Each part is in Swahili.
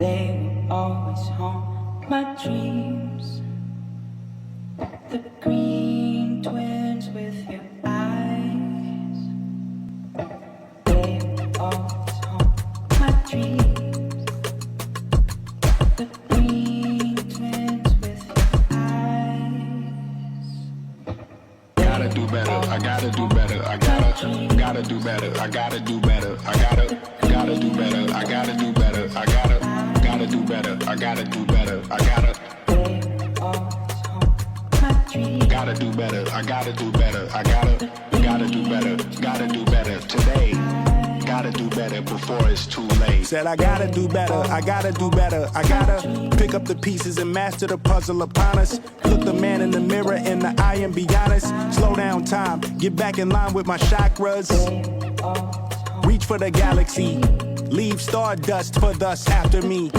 They will always haunt my dreams. The green. gotta do better. I gotta. Gotta do better. I gotta do better. I gotta. Gotta do better. Gotta do better today gotta do better before it's too late. Said I gotta do better, I gotta do better, I gotta pick up the pieces and master the puzzle upon us. Look the man in the mirror in the eye and be honest. Slow down time, get back in line with my chakras. Reach for the galaxy, leave stardust for thus after me.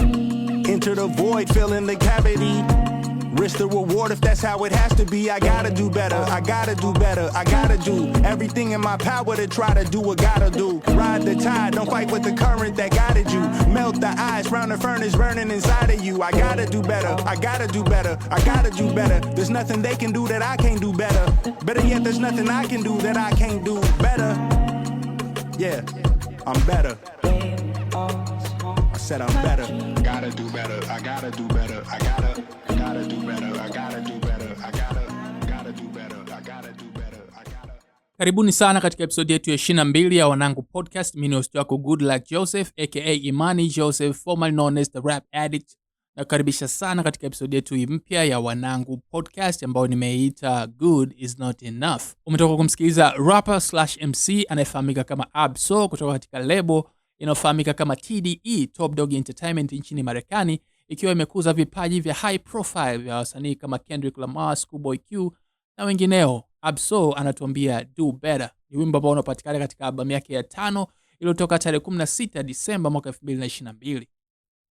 Enter the void, fill in the cavity. Risk the reward if that's how it has to be. I gotta do better, I gotta do better, I gotta do everything in my power to try to do what gotta do. Ride the tide, don't fight with the current that guided you. Melt the ice round the furnace burning inside of you. I gotta do better, I gotta do better, I gotta do better. There's nothing they can do that I can't do better. Better yet, there's nothing I can do that I can't do better. Yeah, I'm better. said I'm better. Gotta do better. I gotta do better. I gotta, gotta do better. I gotta do better. I gotta, gotta do better. I gotta do better. I gotta. Karibuni sana katika episode yetu ya mbili ya Wanangu Podcast. Mimi ni host wako Good Luck Joseph aka Imani Joseph, formerly known as the Rap Addict. Nakukaribisha sana katika episodi yetu mpya ya Wanangu Podcast ambayo nimeita Good is Not Enough. Umetoka kumsikiliza rapper slash MC anayefahamika kama Abso kutoka katika lebo inayofahamika kama TDE, Top Dog Entertainment nchini Marekani, ikiwa imekuza vipaji vya high profile vya wasanii kama Kendrick Lamar, Schoolboy Q na wengineo. Abso anatuambia do better ni wimbo ambao unapatikana katika albamu yake ya tano iliyotoka tarehe 16 Disemba mwaka 2022.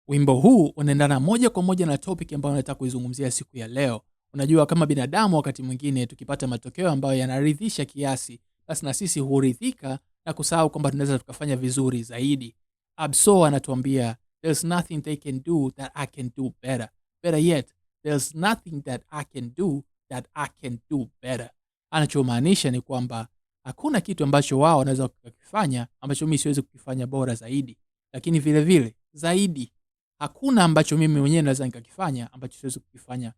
Wimbo huu unaendana moja kwa moja na topic ambayo nataka kuizungumzia siku ya leo. Unajua, kama binadamu, wakati mwingine tukipata matokeo ambayo yanaridhisha kiasi, basi na sisi huridhika na kusahau kwamba tunaweza tukafanya vizuri zaidi. Abso anatuambia there's nothing they can do that I can do better. Better yet there's nothing that I can do that I can do better. Anachomaanisha ni kwamba hakuna kitu ambacho wao wanaweza kukifanya ambacho mimi siwezi kukifanya bora zaidi, lakini vile vile zaidi, hakuna ambacho mimi mwenyewe naweza nikakifanya ambacho siwezi kukifanya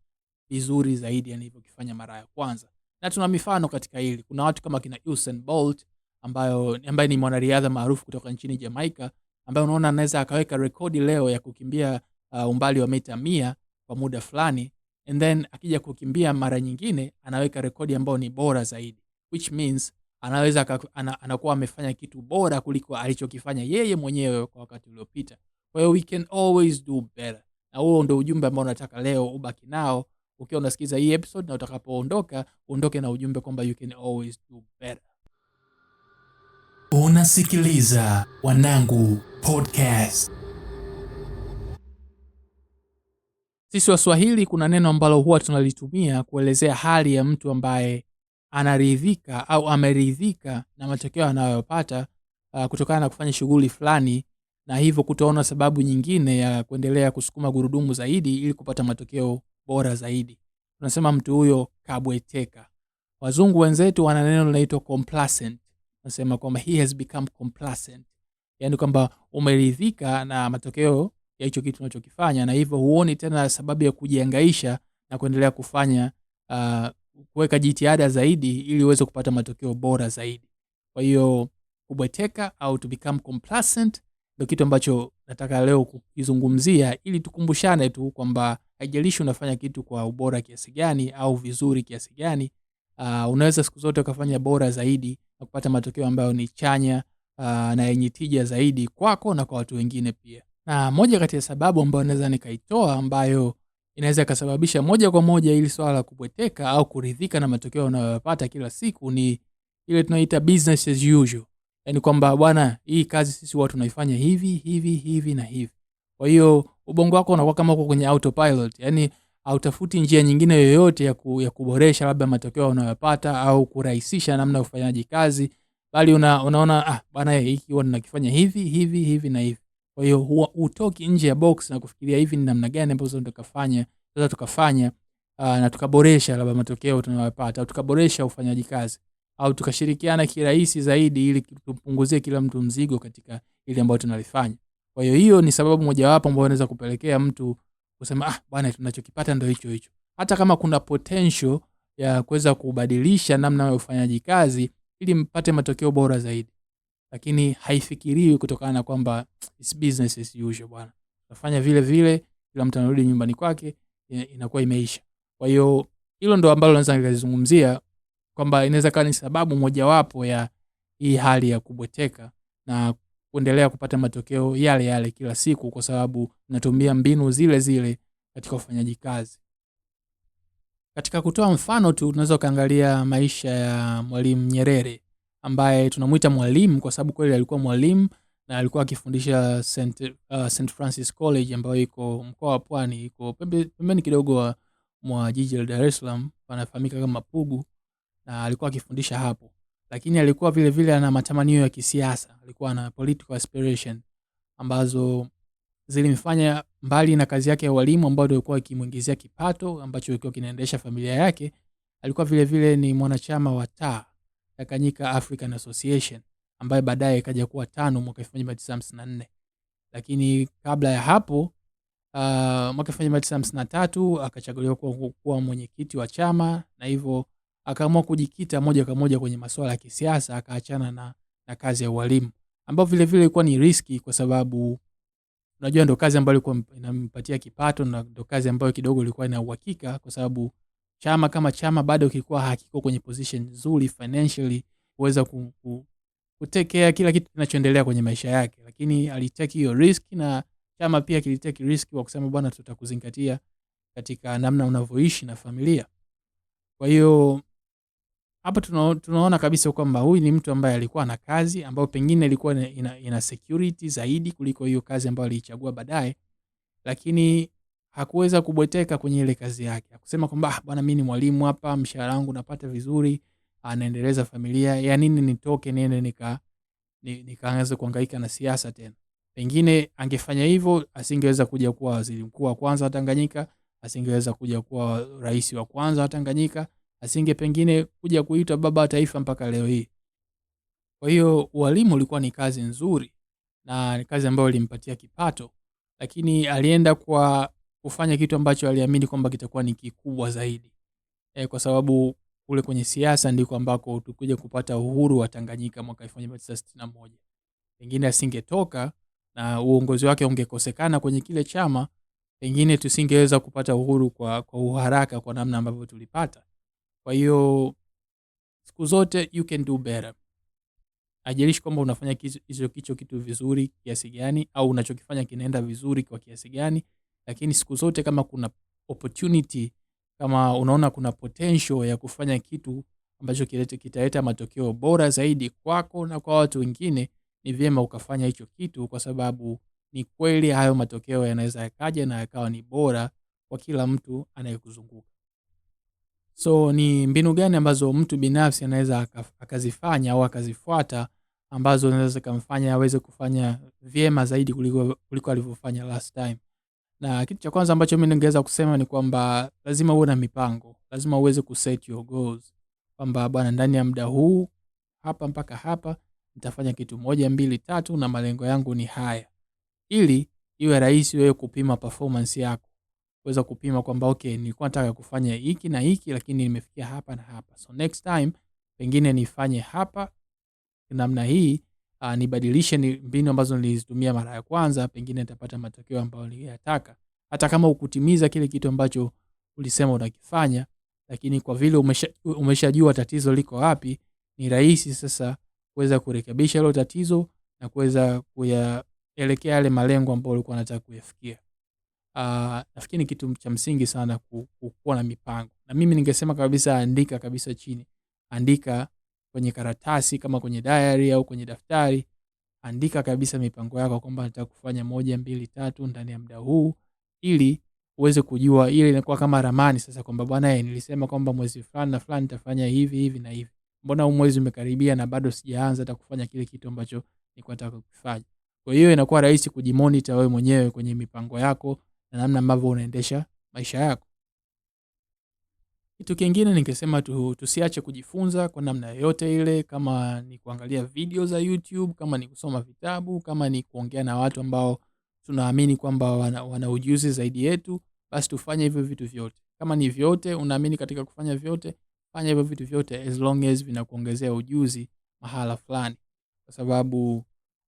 vizuri zaidi nilivyokifanya mara ya kwanza. Na tuna mifano katika hili. Kuna watu kama kina Usain Bolt ambayo ambaye ni mwanariadha maarufu kutoka nchini Jamaica ambaye unaona anaweza akaweka rekodi leo ya kukimbia uh, umbali wa mita mia kwa muda fulani and then akija kukimbia mara nyingine anaweka rekodi ambayo ni bora zaidi, which means anaweza ana, anakuwa amefanya kitu bora kuliko alichokifanya yeye mwenyewe kwa wakati uliopita. Kwa hiyo we can always do better, na huo ndio ujumbe ambao nataka leo ubaki nao ukiwa unasikiza hii episode, na utakapoondoka uondoke na ujumbe kwamba you can always do better. Unasikiliza Wanangu Podcast. Sisi Waswahili kuna neno ambalo huwa tunalitumia kuelezea hali ya mtu ambaye anaridhika au ameridhika na matokeo anayopata uh, kutokana na kufanya shughuli fulani na hivyo kutoona sababu nyingine ya kuendelea kusukuma gurudumu zaidi ili kupata matokeo bora zaidi. Tunasema mtu huyo kabweteka. Wazungu wenzetu wana neno linaloitwa complacent nasema kwamba he has become complacent, yani kwamba umeridhika na matokeo ya hicho kitu unachokifanya, na hivyo huoni tena sababu ya kujiangaisha na kuendelea kufanya uh, kuweka jitihada zaidi ili uweze kupata matokeo bora zaidi. Kwa hiyo kubweteka au to become complacent ndio kitu ambacho nataka leo kukizungumzia, ili tukumbushane tu kwamba haijalishi unafanya kitu kwa ubora kiasi gani au vizuri kiasi gani, uh, unaweza siku zote ukafanya bora zaidi na kupata matokeo ambayo ni chanya uh, na yenye tija zaidi kwako na kwa watu wengine pia. Na moja kati ya sababu ambayo naweza nikaitoa ambayo inaweza ikasababisha moja kwa moja ili swala la kubweteka au kuridhika na matokeo unayoyapata kila siku ni ile tunaita business as usual, yaani kwamba bwana, hii kazi sisi watu tunaifanya hivi hivi hivi na hivi. Kwa hiyo ubongo wako unakuwa kama uko kwenye autopilot, yaani hautafuti njia nyingine yoyote ya, ku, ya kuboresha labda matokeo unayopata au kurahisisha namna ya ufanyaji kazi, bali una, unaona ah, bana eh, hiki huwa ninakifanya hivi hivi hivi na hivi. Kwa hiyo huwa utoki nje ya box na kufikiria hivi ni namna gani ambazo tukafanya sasa tukafanya uh, na tukaboresha labda matokeo tunayopata au tukaboresha ufanyaji kazi au tukashirikiana kirahisi zaidi ili tupunguzie kila mtu mzigo katika ile ambayo tunalifanya. Kwa hiyo hiyo ni sababu mojawapo ambayo inaweza kupelekea mtu kusema ah, bwana tunachokipata ndo hicho hicho, hata kama kuna potential ya kuweza kubadilisha namna ya ufanyaji kazi ili mpate matokeo bora zaidi, lakini haifikiriwi kutokana na kwamba it's business as usual. Bwana unafanya vile vile, kila mtu anarudi nyumbani kwake, inakuwa imeisha. Kwa hiyo hilo ndo ambalo naweza nikazungumzia kwamba inaweza kawa ni sababu mojawapo ya hii hali ya kubweteka na kuendelea kupata matokeo yale yale kila siku, kwa sababu natumia mbinu zile zile katika ufanyaji kazi. Katika kutoa mfano tu, tunaweza ukaangalia maisha ya Mwalimu Nyerere ambaye tunamwita mwalimu kwa sababu kweli alikuwa mwalimu na alikuwa akifundisha St. Uh, Francis College ambayo iko mkoa wa Pwani, iko pembeni kidogo mwa jiji la Dar es Salaam, panafahamika kama Pugu, na alikuwa akifundisha hapo lakini alikuwa vile vile ana matamanio ya kisiasa, alikuwa na political aspiration ambazo zilimfanya mbali na kazi yake ya walimu ambayo alikuwa ilikuwa kipato ambacho ilikuwa kinaendesha familia yake, alikuwa vile vile ni mwanachama wa taa Tanganyika African Association ambaye baadaye ikaja kuwa tano mwaka 1954 lakini kabla ya hapo uh, mwaka 1953 akachaguliwa kuwa, kuwa mwenyekiti wa chama na hivyo akaamua kujikita moja kwa moja kwenye masuala ya kisiasa, akaachana na, na kazi ya ualimu ambayo vile vile ilikuwa ni riski, kwa sababu unajua ndo kazi ambayo ilikuwa inampatia kipato na ndo kazi ambayo kidogo ilikuwa ina uhakika, kwa sababu chama kama chama bado kilikuwa hakiko kwenye position nzuri financially kuweza ku, ku, kutekea kila kitu kinachoendelea kwenye maisha yake, lakini aliteki hiyo risk na chama pia kiliteki risk kwa kusema bwana, tutakuzingatia katika namna unavyoishi na familia. Kwa hiyo hapo tuna, tunaona kabisa kwamba huyu ni mtu ambaye alikuwa na kazi ambayo pengine ilikuwa ina, ina security zaidi kuliko hiyo kazi ambayo aliichagua baadaye, lakini hakuweza kubweteka kwenye ile kazi yake, akusema kwamba ah, bwana, mimi ni mwalimu hapa, mshahara wangu napata vizuri, anaendeleza familia ya nini, nitoke niende nika nikaanza kuhangaika na siasa tena. Pengine angefanya hivyo, asingeweza kuja kuwa waziri mkuu wa kwanza wa Tanganyika, asingeweza kuja kuwa rais wa kwanza wa Tanganyika asinge pengine kuja kuitwa baba wa taifa mpaka leo hii. Kwa hiyo ualimu ulikuwa ni kazi nzuri na ni kazi ambayo ilimpatia kipato, lakini alienda kwa kufanya kitu ambacho aliamini kwamba kitakuwa ni kikubwa zaidi e, kwa sababu kule kwenye siasa ndiko ambako tukuja kupata uhuru wa Tanganyika mwaka 1961. Pengine asingetoka na uongozi wake ungekosekana kwenye kile chama, pengine tusingeweza kupata uhuru kwa, kwa uharaka kwa namna ambavyo tulipata. Kwa hiyo siku zote you can do better. ajirishi kwamba unafanya hicho kicho kitu vizuri kiasi gani au unachokifanya kinaenda vizuri kwa kiasi gani, lakini siku zote kama kuna opportunity, kama unaona kuna potential ya kufanya kitu ambacho kitaleta matokeo bora zaidi kwako na kwa watu wengine, ni vyema ukafanya hicho kitu, kwa sababu ni kweli hayo matokeo yanaweza yakaja na yakawa ni bora kwa kila mtu anayekuzunguka. So ni mbinu gani ambazo mtu binafsi anaweza akazifanya au akazifuata ambazo zinaweza zikamfanya aweze kufanya vyema zaidi kuliko, kuliko alivyofanya last time? Na kitu cha kwanza ambacho mimi ningeweza kusema ni kwamba lazima uwe na mipango, lazima uweze kuset your goals kwamba bwana, ndani ya muda huu hapa mpaka hapa nitafanya kitu moja mbili tatu, na malengo yangu ni haya, ili iwe rahisi wewe kupima performance yako kuweza kupima kwamba okay, nilikuwa nataka kufanya hiki na hiki, lakini nimefikia hapa na hapa, so next time pengine nifanye hapa namna hii, uh, nibadilishe ni mbinu ambazo nilizitumia mara ya kwanza, pengine nitapata matokeo ambayo niliyataka, hata kama ukutimiza kile kitu ambacho ulisema unakifanya, lakini kwa vile umeshajua umesha tatizo liko wapi, ni rahisi sasa kuweza kurekebisha hilo tatizo na kuweza kuyaelekea yale malengo ambayo ulikuwa unataka kuyafikia uh, nafikiri ni kitu cha msingi sana kukuwa na mipango, na mimi ningesema kabisa andika kabisa chini, andika kwenye karatasi kama kwenye diary au kwenye daftari, andika kabisa mipango yako kwamba nataka kufanya moja, mbili, tatu ndani ya muda huu, ili uweze kujua. ili inakuwa kama ramani sasa, kwamba bwana, eh, nilisema kwamba mwezi fulani na fulani nitafanya hivi hivi na hivi, mbona huu mwezi umekaribia na bado sijaanza hata kufanya kile kitu ambacho nilikuwa nataka kukifanya? Kwa hiyo inakuwa rahisi kujimonita wewe mwenyewe kwenye mipango yako na namna ambavyo unaendesha maisha yako. Kitu kingine ningesema tu, tusiache kujifunza kwa namna yoyote ile, kama ni kuangalia video za YouTube, kama ni kusoma vitabu, kama ni kuongea na watu ambao tunaamini kwamba wana, wana ujuzi zaidi yetu, basi tufanye hivyo vitu vyote. Kama ni vyote unaamini katika kufanya vyote, fanya hivyo vitu vyote as long as vinakuongezea ujuzi mahala fulani, kwa sababu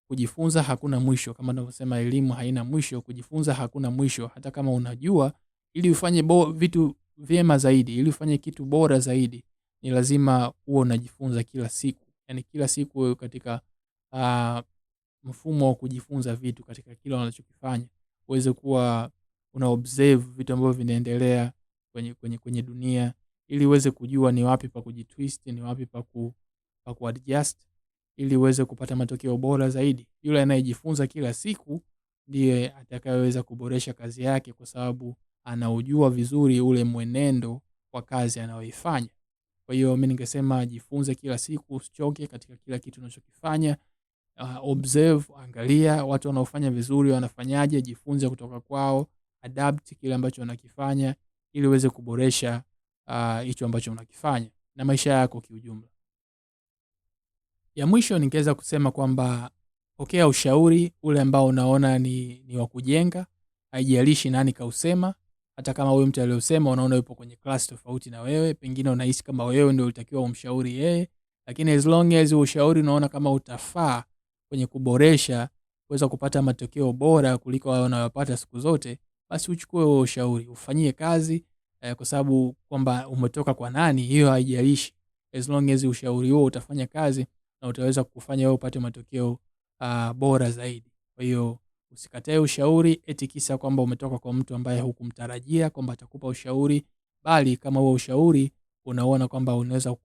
kujifunza hakuna mwisho, kama ninavyosema elimu haina mwisho, kujifunza hakuna mwisho. Hata kama unajua, ili ufanye bo, vitu vyema zaidi, ili ufanye kitu bora zaidi, ni lazima uwe unajifunza kila siku, yani kila siku katika uh, mfumo wa kujifunza vitu katika kila unachokifanya, uweze kuwa una observe vitu ambavyo vinaendelea kwenye, kwenye, kwenye dunia ili uweze kujua ni wapi pa kujitwist, ni wapi pa ku, pa kuadjust ili uweze kupata matokeo bora zaidi. Yule anayejifunza kila siku ndiye atakayeweza kuboresha kazi yake, kwa sababu anaujua vizuri ule mwenendo wa kazi anayoifanya. Kwa hiyo mi ningesema jifunze kila siku, usichoke katika kila kitu unachokifanya. Uh, observe, angalia watu wanaofanya vizuri wanafanyaje, jifunze kutoka kwao, adapt kile ambacho wanakifanya ili uweze kuboresha uh, hicho uh, ambacho unakifanya na maisha yako kiujumla. Ya mwisho ningeweza kusema kwamba pokea ushauri ule ambao unaona ni, ni wa kujenga, haijalishi nani kausema. Hata kama huyu mtu aliyosema unaona yupo kwenye class tofauti na wewe, pengine unahisi kama wewe ndio ulitakiwa umshauri yeye, lakini as long as ushauri unaona kama utafaa kwenye kuboresha kuweza kupata matokeo bora kuliko hayo unayopata siku zote, basi uchukue huo ushauri ufanyie kazi eh, kwa sababu kwamba umetoka kwa nani, hiyo haijalishi, as long as ushauri huo utafanya kazi na utaweza kufanya wewe upate matokeo uh, bora zaidi. Kwa hiyo usikatae ushauri eti kisa kwamba umetoka kwa mtu ambaye hukumtarajia kwamba atakupa ushauri, bali kama huo ushauri unaona kwamba unaweza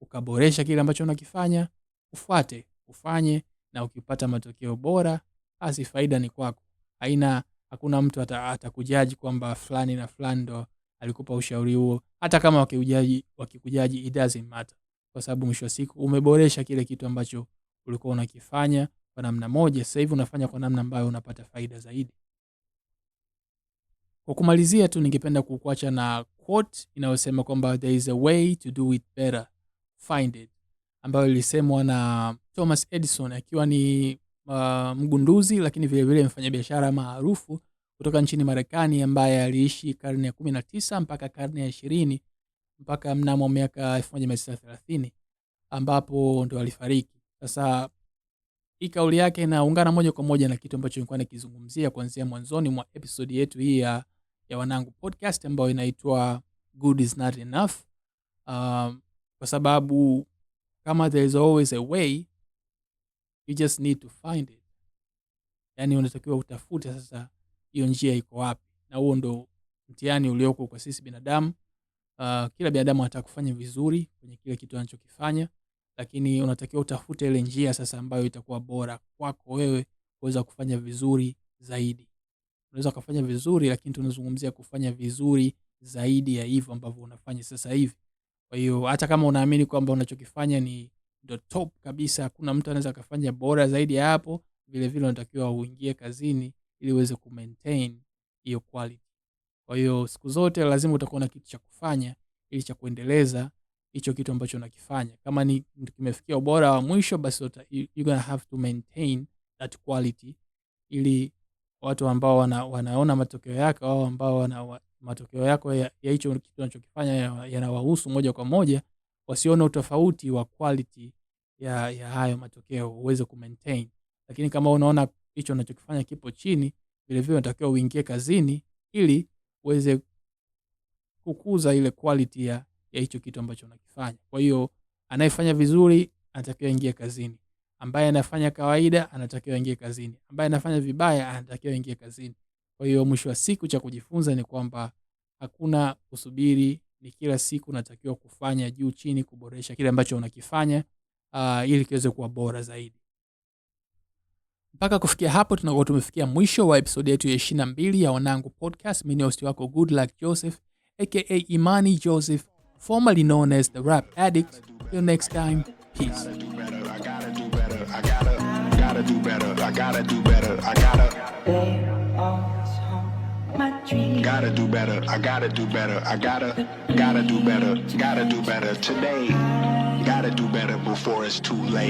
ukaboresha kile ambacho unakifanya, ufuate, ufanye, na ukipata matokeo bora, basi faida ni kwako. Haina, hakuna mtu atakujaji ata kwamba fulani na fulani ndo alikupa ushauri huo, hata kama wakikujaji, it doesn't matter kwa sababu mwisho wa siku umeboresha kile kitu ambacho ulikuwa unakifanya kwa namna moja, sasa hivi unafanya kwa namna ambayo unapata faida zaidi. Kwa kumalizia tu, ningependa kukuacha na quote inayosema kwamba there is a way to do it better find it, ambayo ilisemwa na Thomas Edison akiwa ni uh, mgunduzi lakini vilevile mfanyabiashara maarufu kutoka nchini Marekani ambaye aliishi karne ya 19 mpaka karne ya ishirini mpaka mnamo miaka elfu moja mia tisa thelathini ambapo ndo alifariki. Sasa hii kauli yake inaungana moja kwa moja na kitu ambacho nilikuwa nakizungumzia kuanzia mwanzoni mwa episodi yetu hii ya, ya Wanangu Podcast ambayo inaitwa Good is not enough, uh, kwa sababu kama there is always a way you just need to find it, yani unatakiwa utafute sasa hiyo njia iko wapi, na huo ndo mtiani ulioko kwa sisi binadamu Uh, kila binadamu anataka kufanya vizuri kwenye kile kitu anachokifanya, lakini unatakiwa utafute ile njia sasa ambayo itakuwa bora kwako wewe kuweza kufanya vizuri zaidi. Unaweza kufanya vizuri, lakini tunazungumzia kufanya vizuri zaidi ya hivyo ambavyo unafanya sasa hivi. Kwa hiyo hata kama unaamini kwamba unachokifanya ni ndo top kabisa, hakuna mtu anaweza akafanya bora zaidi ya hapo, vilevile unatakiwa uingie kazini ili uweze kumaintain hiyo quality. Kwa hiyo siku zote lazima utakuwa na kitu cha kufanya ili cha kuendeleza hicho kitu ambacho unakifanya. Kama ni kimefikia ubora wa mwisho, basi you, you gonna have to maintain that quality ili watu ambao wana, wanaona matokeo yako au ambao wana, wa, matokeo yako ya hicho ya kitu unachokifanya yanawahusu ya moja kwa moja, wasiona utofauti wa quality ya, ya hayo matokeo uweze kumaintain. Lakini kama unaona hicho unachokifanya kipo chini, vilevile unatakiwa uingie kazini ili uweze kukuza ile quality ya hicho kitu ambacho unakifanya. Kwa hiyo anayefanya vizuri anatakiwa ingie kazini, ambaye anafanya kawaida anatakiwa ingie kazini, ambaye anafanya vibaya anatakiwa ingie kazini. Kwa hiyo mwisho wa siku, cha kujifunza ni kwamba hakuna kusubiri, ni kila siku natakiwa kufanya juu chini, kuboresha kile ambacho unakifanya, uh, ili kiweze kuwa bora zaidi. Mpaka kufikia hapo, tunakuwa tumefikia mwisho wa episodi yetu ya 22 ya Wanangu Podcast. Mimi ni host wako Good Luck Joseph aka Imani Joseph, formerly known as the Rap Addict. Till next time, peace. Gotta do better. I gotta do better. I gotta, gotta do better. Gotta do better today. gotta do better before it's too late.